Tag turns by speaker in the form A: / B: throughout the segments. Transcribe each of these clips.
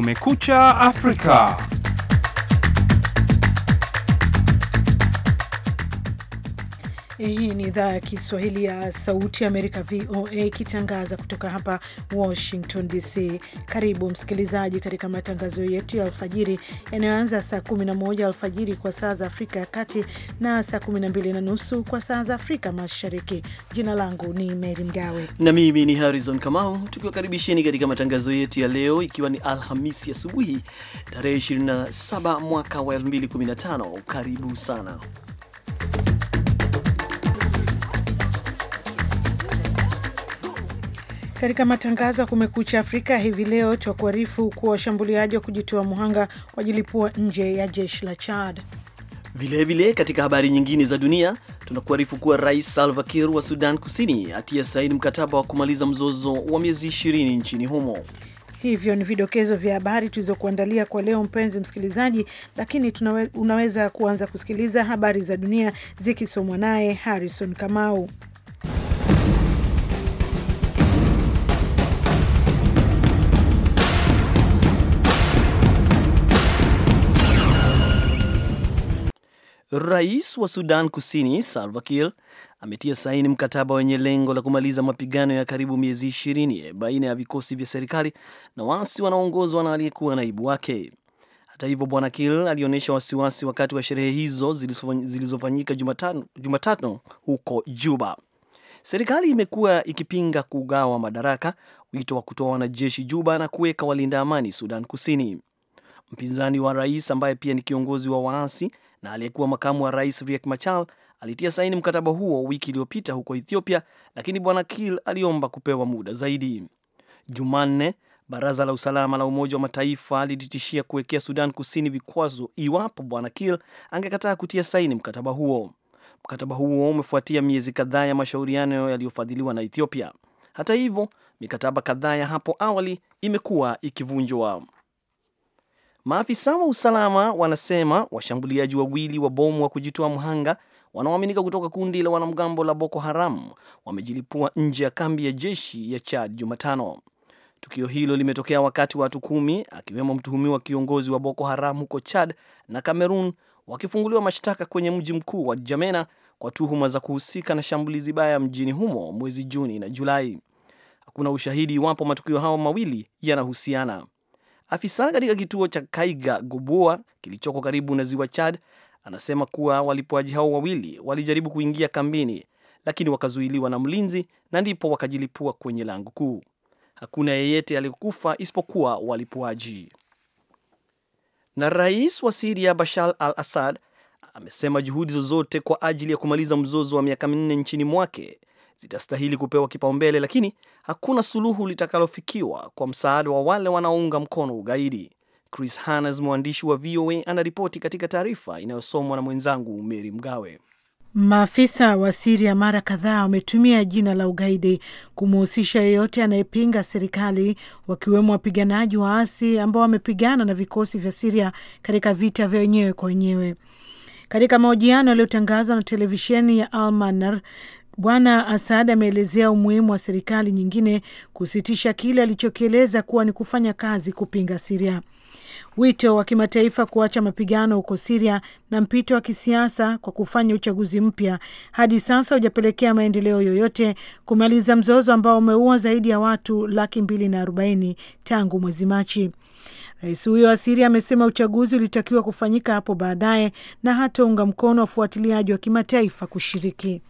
A: Kumekucha Afrika. Hii ni idhaa ya Kiswahili ya Sauti ya Amerika, VOA, ikitangaza kutoka hapa Washington DC. Karibu msikilizaji katika matangazo yetu ya alfajiri yanayoanza saa 11 alfajiri kwa saa za Afrika ya Kati na saa 12 na nusu kwa saa za Afrika Mashariki. Jina langu ni Meri Mgawe
B: na mimi ni Harrison Kamau, tukiwakaribisheni katika matangazo yetu ya leo, ikiwa ni Alhamisi asubuhi tarehe 27 mwaka wa 2015. Karibu sana
A: Katika matangazo ya Kumekucha Afrika hivi leo, twa kuharifu kuwa washambuliaji wa kujitoa muhanga wajilipua nje ya jeshi la Chad.
B: Vilevile vile, katika habari nyingine za dunia tunakuarifu kuwa Rais Salva Kiir wa Sudan Kusini atia saini mkataba wa kumaliza mzozo wa miezi 20 nchini humo.
A: Hivyo ni vidokezo vya habari tulizokuandalia kwa leo, mpenzi msikilizaji, lakini tunawe, unaweza kuanza kusikiliza habari za dunia zikisomwa naye Harrison Kamau.
B: Rais wa Sudan Kusini Salva Kiir ametia saini mkataba wenye lengo la kumaliza mapigano ya karibu miezi ishirini baina ya vikosi vya serikali na waasi wanaoongozwa na aliyekuwa naibu wake. Hata hivyo, bwana Kiir alionyesha wasiwasi wakati wa sherehe hizo zilizofanyika Jumatano huko Juba. Serikali imekuwa ikipinga kugawa madaraka, wito wa kutoa wanajeshi Juba na kuweka walinda amani Sudan Kusini. Mpinzani wa rais ambaye pia ni kiongozi wa waasi na aliyekuwa makamu wa rais Riek Machar alitia saini mkataba huo wiki iliyopita huko Ethiopia, lakini bwana Kiir aliomba kupewa muda zaidi. Jumanne, baraza la usalama la Umoja wa Mataifa lilitishia kuwekea Sudan Kusini vikwazo iwapo bwana Kiir angekataa kutia saini mkataba huo. Mkataba huo umefuatia miezi kadhaa ya mashauriano yaliyofadhiliwa na Ethiopia. Hata hivyo, mikataba kadhaa ya hapo awali imekuwa ikivunjwa. Maafisa wa usalama wanasema washambuliaji wawili wa bomu wa kujitoa mhanga wanaoaminika kutoka kundi la wanamgambo la Boko Haram wamejilipua nje ya kambi ya jeshi ya Chad Jumatano. Tukio hilo limetokea wakati watu kumi akiwemo mtuhumiwa kiongozi wa Boko Haram huko Chad na Cameroon wakifunguliwa mashtaka kwenye mji mkuu wa Jamena kwa tuhuma za kuhusika na shambulizi baya mjini humo mwezi Juni na Julai. Hakuna ushahidi iwapo matukio hayo mawili yanahusiana. Afisa katika kituo cha Kaiga Goboa kilichoko karibu na ziwa Chad anasema kuwa walipuaji hao wawili walijaribu kuingia kambini, lakini wakazuiliwa na mlinzi na ndipo wakajilipua kwenye lango kuu. Hakuna yeyote aliyekufa isipokuwa walipuaji. Na rais wa Siria Bashar al Assad amesema juhudi zozote kwa ajili ya kumaliza mzozo wa miaka minne nchini mwake zitastahili kupewa kipaumbele, lakini hakuna suluhu litakalofikiwa kwa msaada wa wale wanaounga mkono ugaidi. Chris hanes mwandishi wa VOA, anaripoti katika taarifa inayosomwa na mwenzangu Meri Mgawe.
A: Maafisa wa Siria mara kadhaa wametumia jina la ugaidi kumhusisha yeyote anayepinga serikali, wakiwemo wapiganaji waasi ambao wamepigana na vikosi vya Siria katika vita vya wenyewe kwa wenyewe. Katika mahojiano yaliyotangazwa na televisheni ya Al Manar, Bwana Asad ameelezea umuhimu wa serikali nyingine kusitisha kile alichokieleza kuwa ni kufanya kazi kupinga Siria. Wito wa kimataifa kuacha mapigano huko Siria na mpito wa kisiasa kwa kufanya uchaguzi mpya hadi sasa hujapelekea maendeleo yoyote kumaliza mzozo ambao umeua zaidi ya watu laki mbili na arobaini tangu mwezi Machi. Rais huyo wa Siria amesema uchaguzi ulitakiwa kufanyika hapo baadaye na hataunga mkono wafuatiliaji wa kimataifa kushiriki.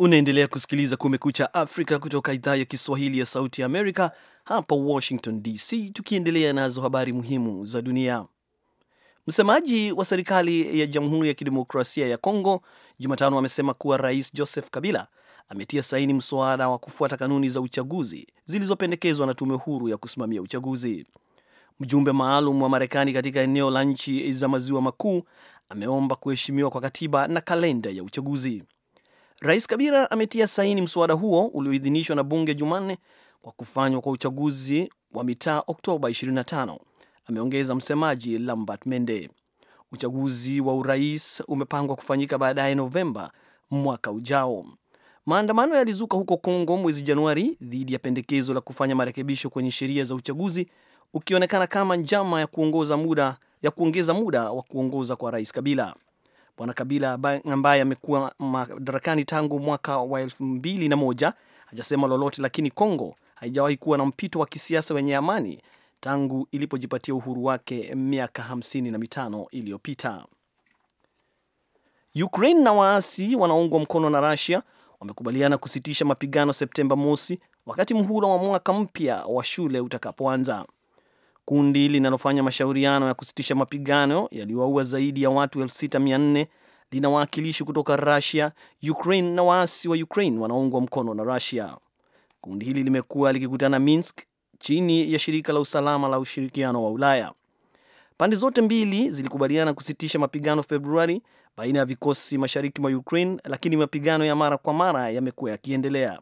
B: Unaendelea kusikiliza Kumekucha Afrika kutoka idhaa ya Kiswahili ya Sauti ya Amerika hapa Washington DC, tukiendelea nazo habari muhimu za dunia. Msemaji wa serikali ya Jamhuri ya Kidemokrasia ya Kongo Jumatano amesema kuwa Rais Joseph Kabila ametia saini mswada wa kufuata kanuni za uchaguzi zilizopendekezwa na tume huru ya kusimamia uchaguzi. Mjumbe maalum wa Marekani katika eneo la nchi za maziwa makuu ameomba kuheshimiwa kwa katiba na kalenda ya uchaguzi. Rais Kabila ametia saini mswada huo ulioidhinishwa na bunge Jumanne kwa kufanywa kwa uchaguzi wa mitaa Oktoba 25, ameongeza msemaji Lambert Mende. Uchaguzi wa urais umepangwa kufanyika baadaye Novemba mwaka ujao. Maandamano yalizuka huko Kongo mwezi Januari dhidi ya pendekezo la kufanya marekebisho kwenye sheria za uchaguzi, ukionekana kama njama ya kuongoza muda ya kuongeza muda wa kuongoza kwa Rais Kabila. Bwana Kabila ambaye amekuwa madarakani tangu mwaka wa elfu mbili na moja hajasema lolote, lakini Kongo haijawahi kuwa na mpito wa kisiasa wenye amani tangu ilipojipatia uhuru wake miaka hamsini na mitano iliyopita. Ukraine na waasi wanaoungwa mkono na Russia wamekubaliana kusitisha mapigano Septemba mosi wakati muhula wa mwaka mpya wa shule utakapoanza kundi linalofanya mashauriano ya kusitisha mapigano yaliyowaua zaidi ya watu 6400 lina wawakilishi kutoka Russia, Ukraine na waasi wa Ukraine wanaoungwa mkono na Russia. Kundi hili limekuwa likikutana Minsk chini ya shirika la usalama la ushirikiano wa Ulaya. Pande zote mbili zilikubaliana kusitisha mapigano Februari baina ya vikosi mashariki mwa Ukraine, lakini mapigano ya mara kwa mara yamekuwa yakiendelea.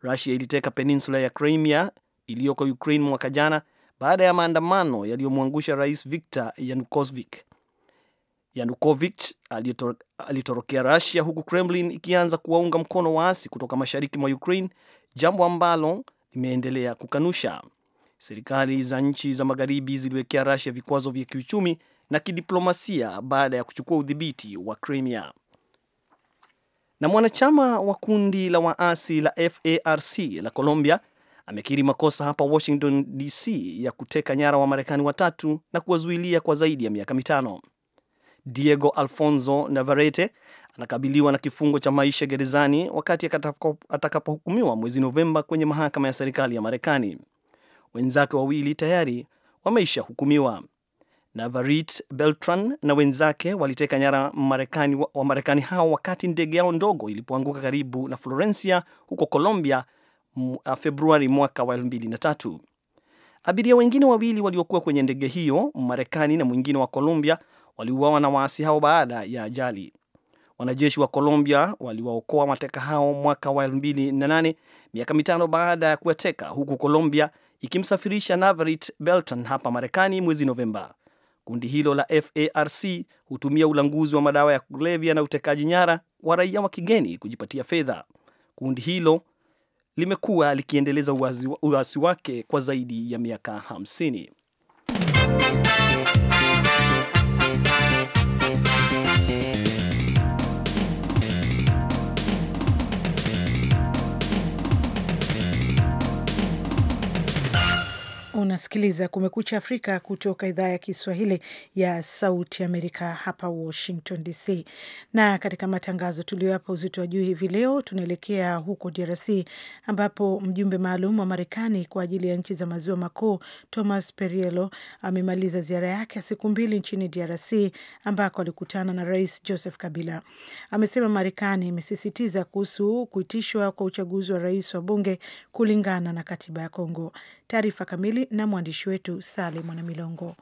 B: Russia iliteka peninsula ya Crimea iliyoko Ukraine mwaka jana baada ya maandamano yaliyomwangusha rais Viktor Yanukovych. Yanukovych alitor, alitorokea Russia huku Kremlin ikianza kuwaunga mkono waasi kutoka mashariki mwa Ukraine, jambo ambalo limeendelea kukanusha. Serikali za nchi za magharibi ziliwekea rasia vikwazo vya kiuchumi na kidiplomasia baada ya kuchukua udhibiti wa Crimea. Na mwanachama wa kundi la waasi la FARC la Colombia amekiri makosa hapa Washington DC ya kuteka nyara wa Marekani watatu na kuwazuilia kwa zaidi ya miaka mitano. Diego Alfonso Navarrete anakabiliwa na kifungo cha maisha gerezani wakati atakapohukumiwa mwezi Novemba kwenye mahakama ya serikali ya Marekani. Wenzake wawili tayari wameisha hukumiwa Navarit Beltran na wenzake waliteka nyara wa marekani hao wakati ndege yao ndogo ilipoanguka karibu na Florencia huko Colombia Uh, Februari mwaka wa 2003. Abiria wengine wawili waliokuwa kwenye ndege hiyo, Marekani na mwingine wa Colombia, waliuawa na waasi hao baada ya ajali. Wanajeshi wa Colombia waliwaokoa mateka hao mwaka wa 2008, miaka mitano baada ya kuwateka, huku Colombia ikimsafirisha Navarit Belton hapa Marekani mwezi Novemba. Kundi hilo la FARC hutumia ulanguzi wa madawa ya kulevya na utekaji nyara wa raia wa kigeni kujipatia fedha. Kundi hilo limekuwa likiendeleza uasi wake kwa zaidi ya miaka hamsini
A: Unasikiliza Kumekucha Afrika kutoka idhaa ya Kiswahili ya Sauti Amerika, hapa Washington DC. Na katika matangazo tuliyoyapa uzito wa juu hivi leo, tunaelekea huko DRC ambapo mjumbe maalum wa Marekani kwa ajili ya nchi za maziwa makuu Thomas Perriello amemaliza ziara yake ya siku mbili nchini DRC ambako alikutana na Rais Joseph Kabila. Amesema Marekani imesisitiza kuhusu kuitishwa kwa uchaguzi wa rais wa bunge kulingana na katiba ya Kongo. Taarifa kamili na mwandishi wetu Sale Mwanamilongo.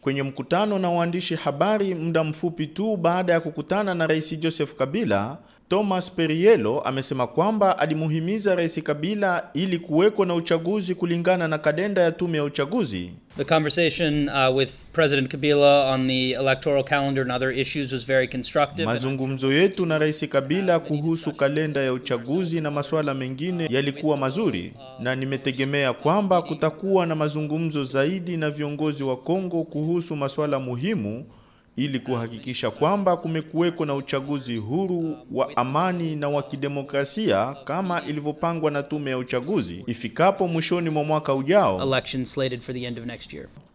C: Kwenye mkutano na waandishi habari muda mfupi tu baada ya kukutana na Rais Joseph Kabila, Thomas Perielo amesema kwamba alimuhimiza Rais Kabila ili kuwekwa na uchaguzi kulingana na kalenda ya tume ya uchaguzi.
D: The conversation uh, with President Kabila on the electoral calendar and other issues was very constructive.
C: Mazungumzo yetu na Rais Kabila kuhusu kalenda ya uchaguzi na masuala mengine yalikuwa mazuri na nimetegemea kwamba kutakuwa na mazungumzo zaidi na viongozi wa Kongo kuhusu masuala muhimu ili kuhakikisha kwamba kumekuweko na uchaguzi huru wa amani na wa kidemokrasia kama ilivyopangwa na tume ya uchaguzi ifikapo mwishoni mwa mwaka ujao.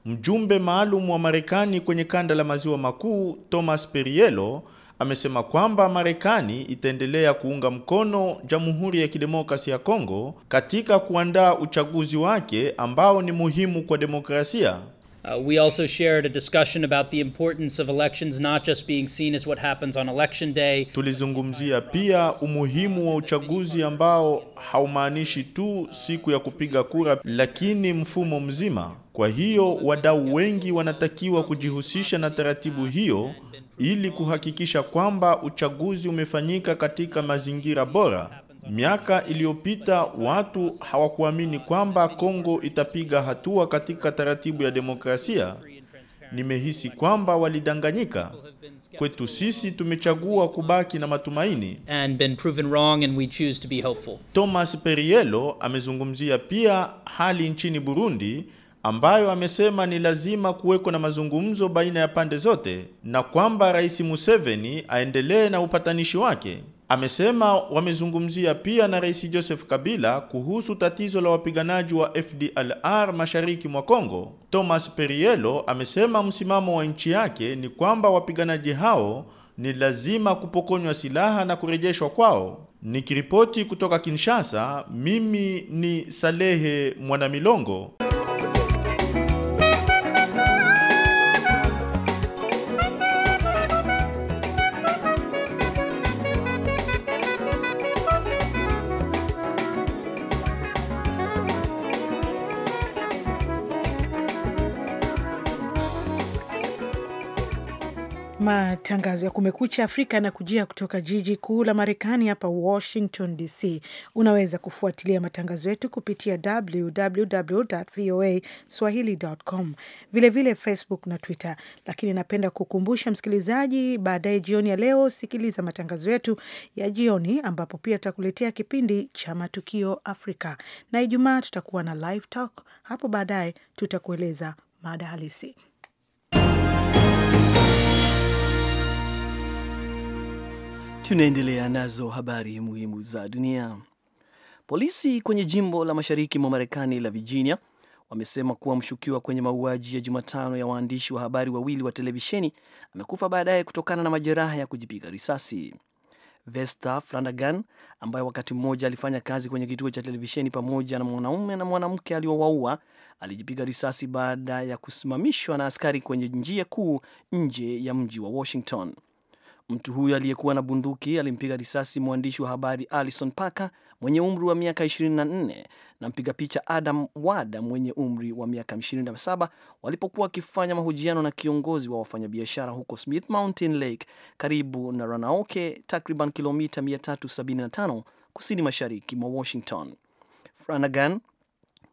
C: Mjumbe maalum wa Marekani kwenye kanda la maziwa makuu Thomas Perriello amesema kwamba Marekani itaendelea kuunga mkono Jamhuri ya Kidemokrasi ya Kongo katika kuandaa uchaguzi wake ambao ni muhimu kwa demokrasia.
D: Uh, we also shared a discussion about the importance of elections not just being seen as what happens on election day.
C: Tulizungumzia pia umuhimu wa uchaguzi ambao haumaanishi tu siku ya kupiga kura, lakini mfumo mzima. Kwa hiyo wadau wengi wanatakiwa kujihusisha na taratibu hiyo ili kuhakikisha kwamba uchaguzi umefanyika katika mazingira bora. Miaka iliyopita watu hawakuamini kwamba Kongo itapiga hatua katika taratibu ya demokrasia. Nimehisi kwamba walidanganyika. Kwetu sisi tumechagua kubaki na matumaini. Thomas Periello amezungumzia pia hali nchini Burundi ambayo amesema ni lazima kuweko na mazungumzo baina ya pande zote na kwamba Rais Museveni aendelee na upatanishi wake. Amesema wamezungumzia pia na Rais Joseph Kabila kuhusu tatizo la wapiganaji wa FDLR mashariki mwa Kongo. Thomas Perielo amesema msimamo wa nchi yake ni kwamba wapiganaji hao ni lazima kupokonywa silaha na kurejeshwa kwao. Nikiripoti kutoka Kinshasa, mimi ni Salehe Mwanamilongo.
A: Matangazo ya Kumekucha Afrika yanakujia kutoka jiji kuu la Marekani, hapa Washington DC. Unaweza kufuatilia matangazo yetu kupitia www voa swahili.com, vilevile Facebook na Twitter. Lakini napenda kukumbusha msikilizaji, baadaye jioni ya leo sikiliza matangazo yetu ya jioni, ambapo pia tutakuletea kipindi cha Matukio Afrika, na Ijumaa tutakuwa na Live Talk. Hapo baadaye tutakueleza mada halisi.
B: Tunaendelea nazo habari muhimu za dunia. Polisi kwenye jimbo la mashariki mwa Marekani la Virginia wamesema kuwa mshukiwa kwenye mauaji ya Jumatano ya waandishi wa habari wawili wa televisheni amekufa baadaye kutokana na majeraha ya kujipiga risasi. Vesta Flanagan ambaye wakati mmoja alifanya kazi kwenye kituo cha televisheni pamoja na mwanaume na mwanamke aliowaua alijipiga risasi baada ya kusimamishwa na askari kwenye njia kuu nje ya mji wa Washington. Mtu huyo aliyekuwa na bunduki alimpiga risasi mwandishi wa habari Alison Parker mwenye umri wa miaka 24 na mpiga picha Adam Wada mwenye umri wa miaka 27 walipokuwa wakifanya mahojiano na kiongozi wa wafanyabiashara huko Smith Mountain Lake karibu na ranaoke takriban kilomita 375 kusini mashariki mwa Washington. Flanagan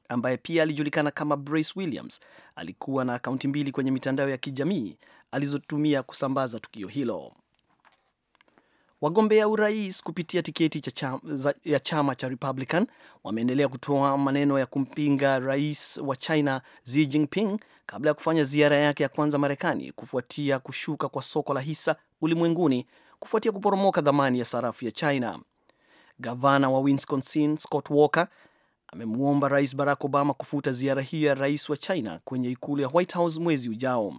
B: ambaye pia alijulikana kama Brace Williams alikuwa na akaunti mbili kwenye mitandao ya kijamii alizotumia kusambaza tukio hilo. Wagombea urais kupitia tiketi cha chama, ya chama cha Republican wameendelea kutoa maneno ya kumpinga rais wa China Xi Jinping kabla ya kufanya ziara yake ya kwanza Marekani kufuatia kushuka kwa soko la hisa ulimwenguni kufuatia kuporomoka dhamani ya sarafu ya China. Gavana wa Wisconsin Scott Walker amemwomba Rais Barack Obama kufuta ziara hiyo ya rais wa China kwenye ikulu ya White House mwezi ujao.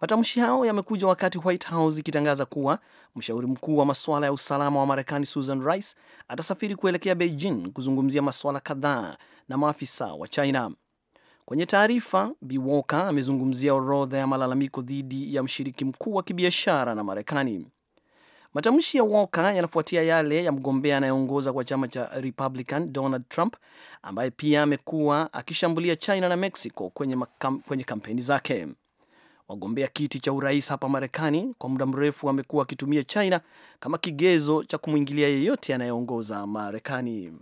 B: Matamshi hayo yamekuja wakati White House ikitangaza kuwa mshauri mkuu wa masuala ya usalama wa Marekani Susan Rice atasafiri kuelekea Beijing kuzungumzia masuala kadhaa na maafisa wa China. Kwenye taarifa, Bi Walker amezungumzia orodha ya malalamiko dhidi ya mshiriki mkuu wa kibiashara na Marekani. Matamshi ya Walker yanafuatia yale ya mgombea anayeongoza kwa chama cha Republican Donald Trump, ambaye pia amekuwa akishambulia China na Mexico kwenye, kwenye kampeni zake. Wagombea kiti cha urais hapa Marekani kwa muda mrefu wamekuwa wakitumia China kama kigezo cha kumwingilia yeyote anayeongoza Marekani.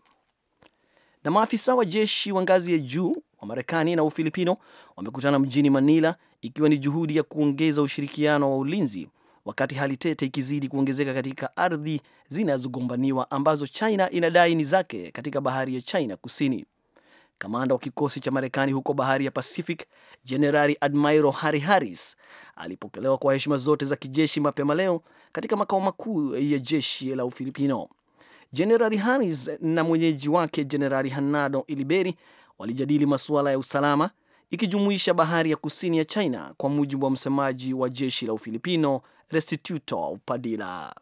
B: Na maafisa wa jeshi wa ngazi ya juu wa Marekani na Ufilipino wamekutana mjini Manila, ikiwa ni juhudi ya kuongeza ushirikiano wa ulinzi, wakati hali tete ikizidi kuongezeka katika ardhi zinazogombaniwa ambazo China inadai ni zake katika bahari ya China Kusini. Kamanda wa kikosi cha Marekani huko bahari ya Pacific, Jenerali Admiral Harry Harris alipokelewa kwa heshima zote za kijeshi mapema leo katika makao makuu ya jeshi la Ufilipino. Jenerali Harris na mwenyeji wake Jenerali Hanado Iliberi walijadili masuala ya usalama ikijumuisha bahari ya kusini ya China, kwa mujibu wa msemaji wa jeshi la Ufilipino Restituto Padilla.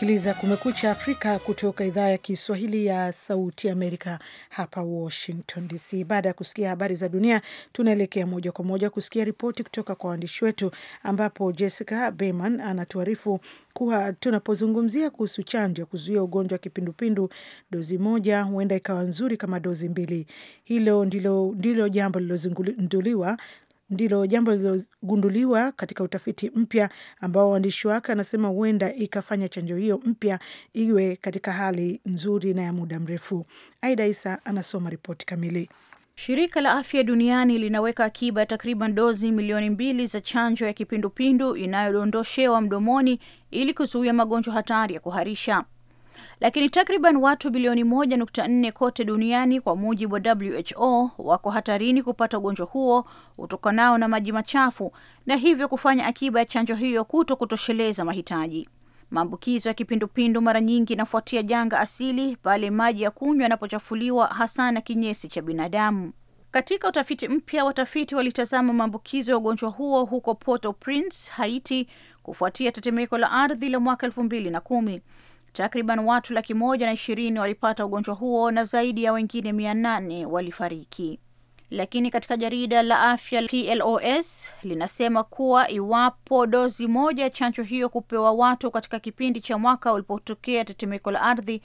A: unasikiliza Kumekucha Afrika kutoka idhaa ya Kiswahili ya Sauti Amerika hapa Washington DC. Baada ya kusikia habari za dunia, tunaelekea moja kwa moja kusikia ripoti kutoka kwa waandishi wetu, ambapo Jessica beman anatuarifu kuwa tunapozungumzia kuhusu chanjo ya kuzuia ugonjwa wa kipindupindu, dozi moja huenda ikawa nzuri kama dozi mbili. Hilo ndilo, ndilo jambo lilozinduliwa ndilo jambo lililogunduliwa katika utafiti mpya ambao waandishi wake anasema huenda ikafanya chanjo hiyo mpya iwe katika hali nzuri na ya muda mrefu. Aida Isa anasoma ripoti kamili. Shirika la Afya Duniani linaweka
D: akiba ya takriban dozi milioni mbili za chanjo ya kipindupindu inayodondoshewa mdomoni ili kuzuia magonjwa hatari ya kuharisha lakini takriban watu bilioni 1.4 kote duniani kwa mujibu wa WHO wako hatarini kupata ugonjwa huo utokanao na maji machafu na hivyo kufanya akiba ya chanjo hiyo kuto kutosheleza mahitaji. Maambukizo ya kipindupindu mara nyingi inafuatia janga asili pale maji ya kunywa yanapochafuliwa hasa na kinyesi cha binadamu. Katika utafiti mpya, watafiti walitazama maambukizo ya ugonjwa huo huko Port-au-Prince, Haiti, kufuatia tetemeko la ardhi la mwaka elfu mbili na kumi. Takriban watu laki moja na ishirini walipata ugonjwa huo na zaidi ya wengine mia nane walifariki. Lakini katika jarida la afya PLOS linasema kuwa iwapo dozi moja ya chanjo hiyo kupewa watu katika kipindi cha mwaka ulipotokea tetemeko la ardhi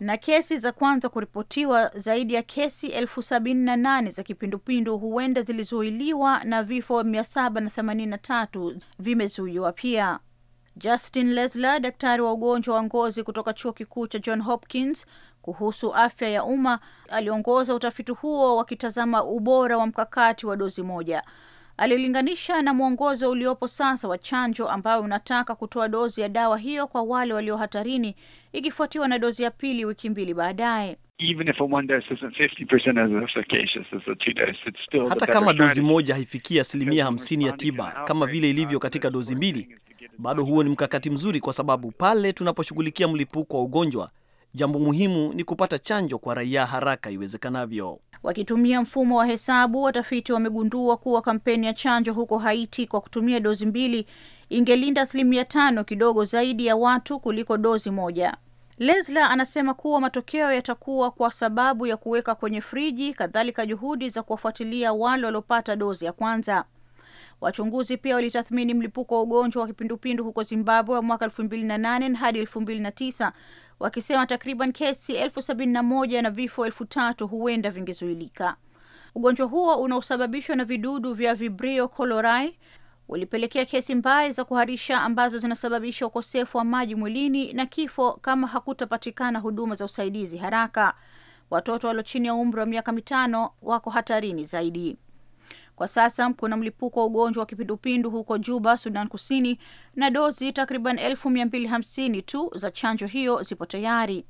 D: na kesi za kwanza kuripotiwa, zaidi ya kesi elfu sabini na nane za kipindupindu huenda zilizuiliwa na vifo mia saba na themanini na tatu vimezuiwa pia. Justin Lesler, daktari wa ugonjwa wa ngozi kutoka chuo kikuu cha John Hopkins kuhusu afya ya umma, aliongoza utafiti huo wakitazama ubora wa mkakati wa dozi moja. Alilinganisha na mwongozo uliopo sasa wa chanjo ambayo unataka kutoa dozi ya dawa hiyo kwa wale walio hatarini, ikifuatiwa na dozi ya pili wiki mbili baadaye.
C: Hata kama dozi
B: moja haifikii asilimia hamsini ya tiba kama vile ilivyo katika dozi mbili, bado huo ni mkakati mzuri, kwa sababu pale tunaposhughulikia mlipuko wa ugonjwa, jambo muhimu ni kupata chanjo kwa raia haraka iwezekanavyo.
D: Wakitumia mfumo wa hesabu, watafiti wamegundua kuwa kampeni ya chanjo huko Haiti kwa kutumia dozi mbili ingelinda asilimia tano kidogo zaidi ya watu kuliko dozi moja. Lesla anasema kuwa matokeo yatakuwa kwa sababu ya kuweka kwenye friji, kadhalika juhudi za kuwafuatilia wale waliopata dozi ya kwanza. Wachunguzi pia walitathmini mlipuko wa ugonjwa wa kipindupindu huko Zimbabwe wa mwaka elfu hadi elfu wakisema takriban kesi 71 na na vifo elfu huenda vingezuilika. Ugonjwa huo unaosababishwa na vidudu vya Vibrio colorai ulipelekea kesi mbaya za kuharisha ambazo zinasababisha ukosefu wa maji mwilini na kifo kama hakutapatikana huduma za usaidizi haraka. Watoto walio chini ya umri wa miaka mitano wako hatarini zaidi. Kwa sasa kuna mlipuko wa ugonjwa wa kipindupindu huko Juba, Sudan Kusini, na dozi takriban elfu mia mbili hamsini tu za chanjo hiyo zipo tayari.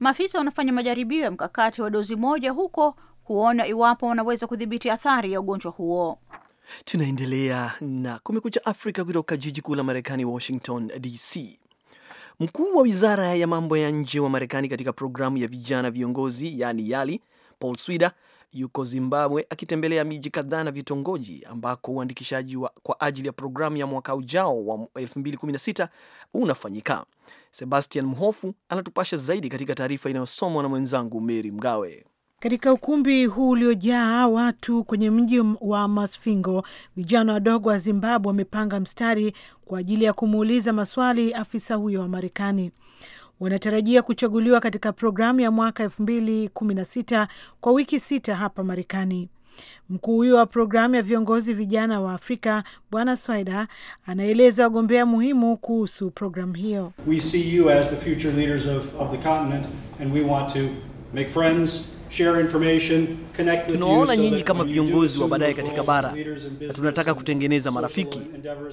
D: Maafisa wanafanya majaribio ya mkakati wa dozi moja huko kuona iwapo wanaweza kudhibiti athari ya ugonjwa
B: huo. Tunaendelea na Kumekucha Afrika kutoka jiji kuu la Marekani, Washington DC. Mkuu wa wizara ya mambo ya nje wa Marekani katika programu ya vijana viongozi, yaani YALI, Paul Swida yuko Zimbabwe akitembelea miji kadhaa na vitongoji ambako uandikishaji kwa ajili ya programu ya mwaka ujao wa 2016 unafanyika. Sebastian Mhofu anatupasha zaidi katika taarifa inayosomwa na mwenzangu Meri Mgawe.
A: Katika ukumbi huu uliojaa watu kwenye mji wa Masvingo, vijana wadogo wa Zimbabwe wamepanga mstari kwa ajili ya kumuuliza maswali afisa huyo wa Marekani wanatarajia kuchaguliwa katika programu ya mwaka efu216 kwa wiki sita hapa Marekani. Mkuu huyo wa programu ya viongozi vijana wa Afrika Bwana Swaida anaeleza wagombea muhimu kuhusu programu hiyo.
D: We see you as the future leaders of, of the continent and we want to
B: make friends share information, tunawaona nyinyi kama viongozi wa baadaye katika bara na tunataka kutengeneza marafiki,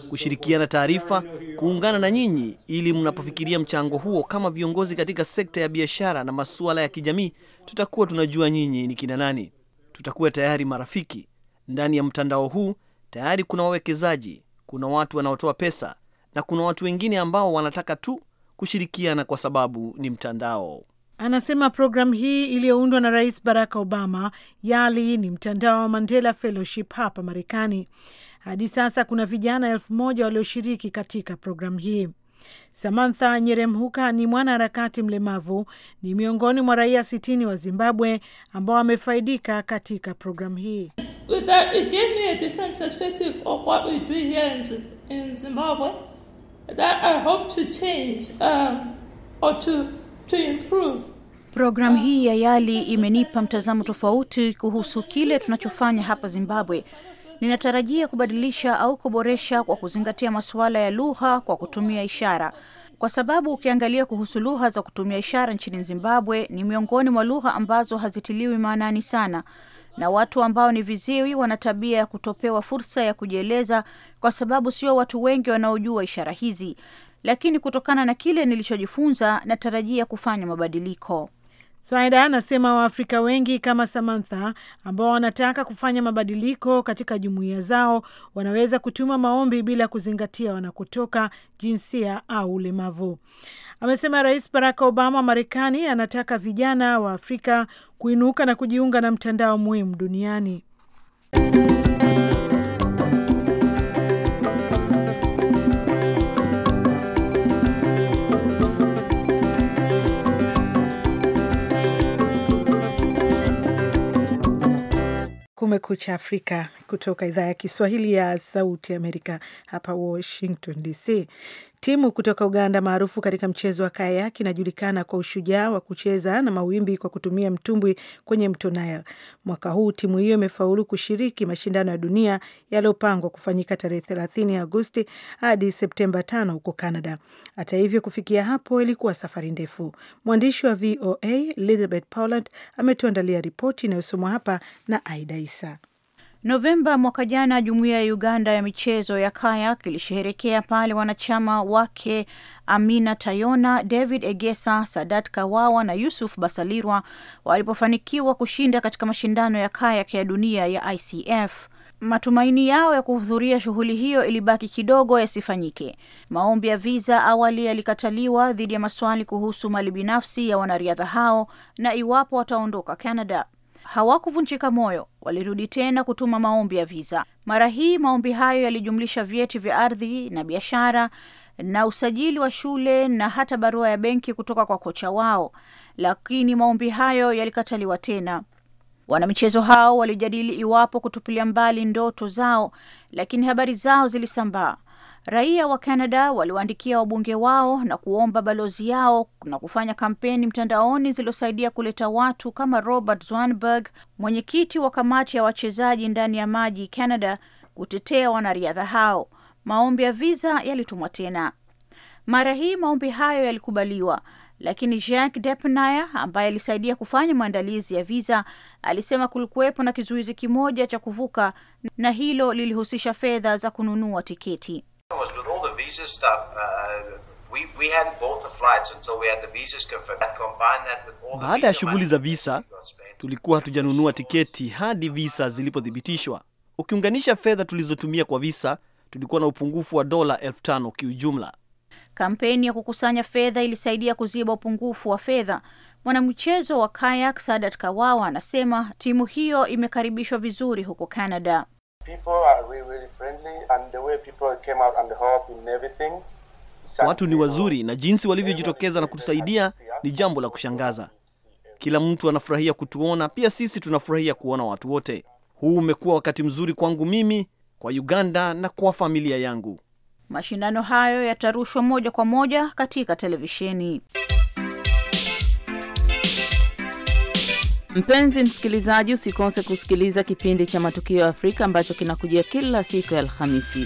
B: kushirikiana taarifa, kuungana na nyinyi ili mnapofikiria mchango huo kama viongozi katika sekta ya biashara na masuala ya kijamii, tutakuwa tunajua nyinyi ni kina nani. Tutakuwa tayari marafiki. Ndani ya mtandao huu tayari kuna wawekezaji, kuna watu wanaotoa pesa na kuna watu wengine ambao wanataka tu kushirikiana kwa sababu ni mtandao. Anasema programu
A: hii iliyoundwa na Rais Barack Obama, YALI ni mtandao wa Mandela Fellowship hapa Marekani. Hadi sasa kuna vijana elfu moja walioshiriki katika programu hii. Samantha Nyeremhuka ni mwanaharakati mlemavu, ni miongoni mwa raia sitini wa Zimbabwe ambao wamefaidika katika programu hii. Zimbabwe
D: to improve. Programu hii ya YALI imenipa mtazamo tofauti kuhusu kile tunachofanya hapa Zimbabwe. Ninatarajia kubadilisha au kuboresha kwa kuzingatia masuala ya lugha kwa kutumia ishara, kwa sababu ukiangalia kuhusu lugha za kutumia ishara nchini Zimbabwe ni miongoni mwa lugha ambazo hazitiliwi maanani sana, na watu ambao ni viziwi wana tabia ya kutopewa fursa ya kujieleza, kwa sababu sio watu wengi wanaojua ishara hizi
A: lakini kutokana na kile nilichojifunza natarajia kufanya mabadiliko. Swaida anasema Waafrika wengi kama Samantha ambao wanataka kufanya mabadiliko katika jumuiya zao wanaweza kutuma maombi bila kuzingatia wanakotoka, jinsia au ulemavu. Amesema Rais Barack Obama wa Marekani anataka vijana wa Afrika kuinuka na kujiunga na mtandao muhimu duniani. Kumekucha Afrika kutoka idhaa ya Kiswahili ya Sauti Amerika hapa Washington DC. Timu kutoka Uganda maarufu katika mchezo wa yake inajulikana kwa ushujaa wa kucheza na mawimbi kwa kutumia mtumbwi kwenye mto Nile. Mwaka huu timu hiyo imefaulu kushiriki mashindano ya dunia yaliyopangwa kufanyika tarehe 30 Agosti hadi Septemba 5 huko Canada. Hata hivyo, kufikia hapo ilikuwa safari ndefu. Mwandishi wa VOA Elizabeth Poland ametuandalia ripoti inayosomwa hapa na Aida Isa. Novemba
D: mwaka jana, jumuiya ya Uganda ya michezo ya kayak ilisherehekea pale wanachama wake Amina Tayona, David Egesa, Sadat Kawawa na Yusuf Basalirwa walipofanikiwa kushinda katika mashindano ya kayak ya dunia ya ICF. Matumaini yao ya kuhudhuria shughuli hiyo ilibaki kidogo yasifanyike. Maombi ya viza awali yalikataliwa dhidi ya maswali kuhusu mali binafsi ya wanariadha hao na iwapo wataondoka Canada. Hawakuvunjika moyo, walirudi tena kutuma maombi ya viza. Mara hii maombi hayo yalijumlisha vyeti vya ardhi na biashara na usajili wa shule na hata barua ya benki kutoka kwa kocha wao, lakini maombi hayo yalikataliwa tena. Wanamichezo hao walijadili iwapo kutupilia mbali ndoto zao, lakini habari zao zilisambaa. Raia wa Canada waliwaandikia wabunge wao na kuomba balozi yao na kufanya kampeni mtandaoni zilizosaidia kuleta watu kama Robert Zwanberg, mwenyekiti wa kamati ya wachezaji ndani ya maji Canada, kutetea wanariadha hao. Maombi ya visa yalitumwa tena. Mara hii maombi hayo yalikubaliwa, lakini Jacques Depnayer ambaye alisaidia kufanya maandalizi ya visa alisema kulikuwepo na kizuizi kimoja cha kuvuka, na hilo lilihusisha fedha za kununua tiketi
C: was with all the visa stuff, uh, uh,
A: we, we hadn't bought the flights until we had the visas confirmed. That combined that with all
D: the Baada ya
B: shughuli za visa, tulikuwa hatujanunua tiketi hadi visa zilipothibitishwa. Ukiunganisha fedha tulizotumia kwa visa, tulikuwa na upungufu wa dola elfu tano kiujumla.
D: Kampeni ya kukusanya fedha ilisaidia kuziba upungufu wa fedha. Mwanamchezo wa kayak Sadat Kawawa anasema timu hiyo imekaribishwa vizuri huko Canada.
C: People are really
B: Watu ni wazuri na jinsi walivyojitokeza na kutusaidia ni jambo la kushangaza. Kila mtu anafurahia kutuona, pia sisi tunafurahia kuona watu wote. Huu umekuwa wakati mzuri kwangu mimi, kwa Uganda na kwa familia yangu.
D: Mashindano hayo yatarushwa moja kwa moja katika televisheni. Mpenzi msikilizaji, usikose kusikiliza kipindi cha Matukio ya Afrika ambacho
E: kinakujia kila siku ya Alhamisi.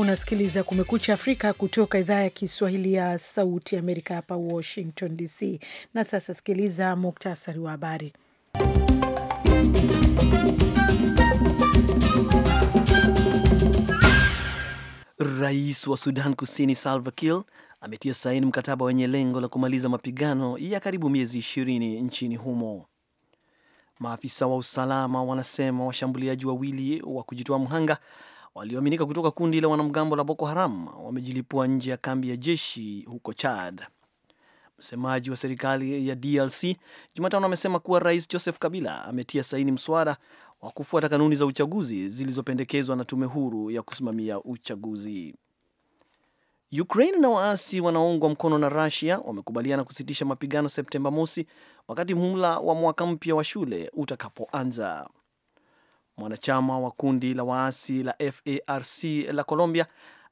A: Unasikiliza Kumekucha Afrika kutoka idhaa ya Kiswahili ya Sauti ya Amerika, hapa Washington DC. Na sasa sikiliza muktasari wa habari.
B: Rais wa Sudan Kusini Salva Kiir ametia saini mkataba wenye lengo la kumaliza mapigano ya karibu miezi ishirini nchini humo. Maafisa wa usalama wanasema washambuliaji wawili wa kujitoa mhanga walioaminika kutoka kundi la wanamgambo la Boko Haram wamejilipua nje ya kambi ya jeshi huko Chad. Msemaji wa serikali ya DRC Jumatano amesema kuwa Rais Joseph Kabila ametia saini mswada wa kufuata kanuni za uchaguzi zilizopendekezwa na tume huru ya kusimamia uchaguzi. Ukraine na waasi wanaoungwa mkono na Russia wamekubaliana kusitisha mapigano Septemba mosi wakati mhumla wa mwaka mpya wa shule utakapoanza mwanachama wa kundi la waasi la FARC la Colombia,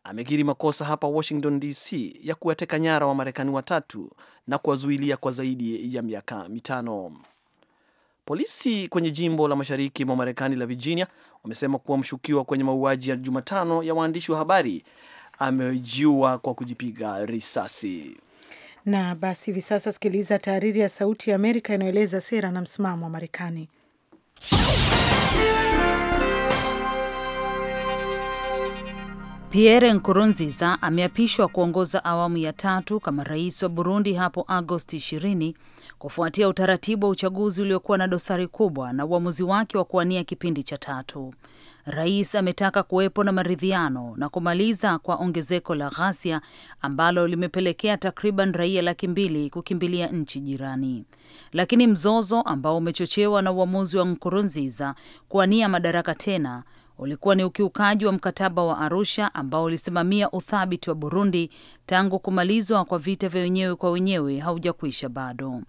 B: amekiri makosa hapa Washington DC ya kuwateka nyara wa Marekani watatu na kuwazuilia kwa zaidi ya miaka mitano. Polisi kwenye jimbo la mashariki mwa Marekani la Virginia wamesema kuwa mshukiwa kwenye mauaji ya Jumatano ya waandishi wa habari amejiua kwa kujipiga risasi.
A: Na basi hivi sasa sikiliza tahariri ya Sauti ya Amerika inayoeleza sera na msimamo wa Marekani.
E: Pierre Nkurunziza ameapishwa kuongoza awamu ya tatu kama rais wa Burundi hapo Agosti 20 kufuatia utaratibu wa uchaguzi uliokuwa na dosari kubwa na uamuzi wake wa kuwania kipindi cha tatu. Rais ametaka kuwepo na maridhiano na kumaliza kwa ongezeko la ghasia ambalo limepelekea takriban raia laki mbili kukimbilia nchi jirani. Lakini mzozo ambao umechochewa na uamuzi wa Nkurunziza kuwania madaraka tena ulikuwa ni ukiukaji wa mkataba wa Arusha ambao ulisimamia uthabiti wa Burundi tangu kumalizwa kwa vita vya wenyewe kwa wenyewe haujakwisha bado.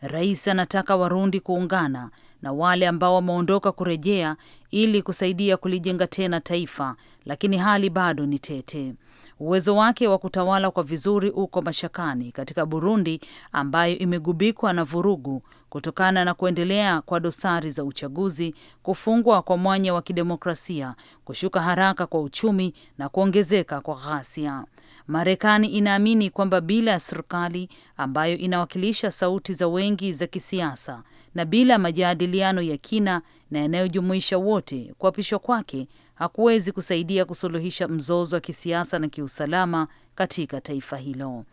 E: Rais anataka Warundi kuungana na wale ambao wameondoka kurejea ili kusaidia kulijenga tena taifa, lakini hali bado ni tete. Uwezo wake wa kutawala kwa vizuri uko mashakani katika Burundi ambayo imegubikwa na vurugu kutokana na kuendelea kwa dosari za uchaguzi, kufungwa kwa mwanya wa kidemokrasia, kushuka haraka kwa uchumi na kuongezeka kwa ghasia. Marekani inaamini kwamba bila ya serikali ambayo inawakilisha sauti za wengi za kisiasa na bila majadiliano ya kina na yanayojumuisha wote, kuapishwa kwake hakuwezi kusaidia kusuluhisha mzozo wa kisiasa na kiusalama katika taifa hilo.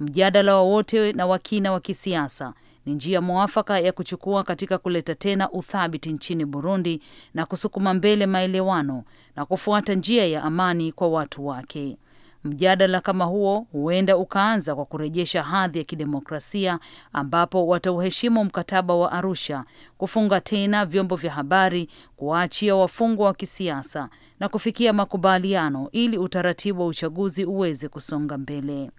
E: Mjadala wowote na wakina wa kisiasa ni njia mwafaka ya kuchukua katika kuleta tena uthabiti nchini Burundi na kusukuma mbele maelewano na kufuata njia ya amani kwa watu wake. Mjadala kama huo huenda ukaanza kwa kurejesha hadhi ya kidemokrasia ambapo watauheshimu mkataba wa Arusha kufunga tena vyombo vya habari, kuwaachia wafungwa wa kisiasa na kufikia makubaliano ili utaratibu wa uchaguzi uweze kusonga mbele.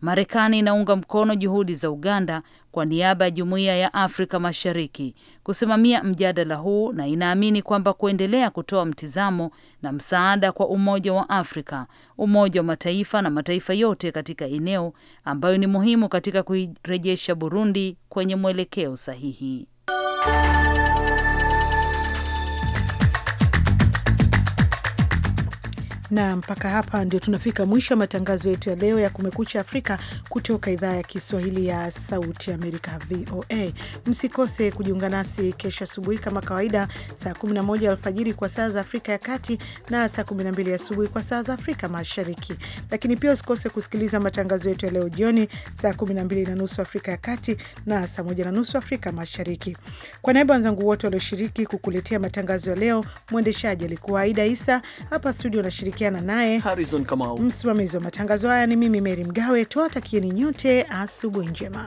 E: Marekani inaunga mkono juhudi za Uganda kwa niaba ya Jumuiya ya Afrika Mashariki kusimamia mjadala huu na inaamini kwamba kuendelea kutoa mtizamo na msaada kwa Umoja wa Afrika, Umoja wa Mataifa na mataifa yote katika eneo ambayo ni muhimu katika kuirejesha Burundi kwenye mwelekeo sahihi. Bye.
A: Na mpaka hapa ndio tunafika mwisho wa matangazo yetu ya leo ya Kumekucha Afrika kutoka idhaa ya Kiswahili ya Sauti Amerika, VOA. Msikose kujiunga nasi kesho asubuhi kama kawaida, saa 11 alfajiri kwa saa za Afrika ya Kati na saa 12 asubuhi kwa saa za Afrika Mashariki. Lakini pia usikose kusikiliza matangazo yetu ya leo jioni, saa 12 na nusu Afrika ya Kati na saa 1 na nusu Afrika Mashariki. Kwa niaba wenzangu wote walioshiriki kukuletea matangazo ya leo, mwendeshaji alikuwa Aida Isa hapa studio na shiriki nimeshirikiana naye Harrison Kamau. Msimamizi wa matangazo haya ni mimi Meri Mgawe. Tuwatakieni nyote asubuhi njema.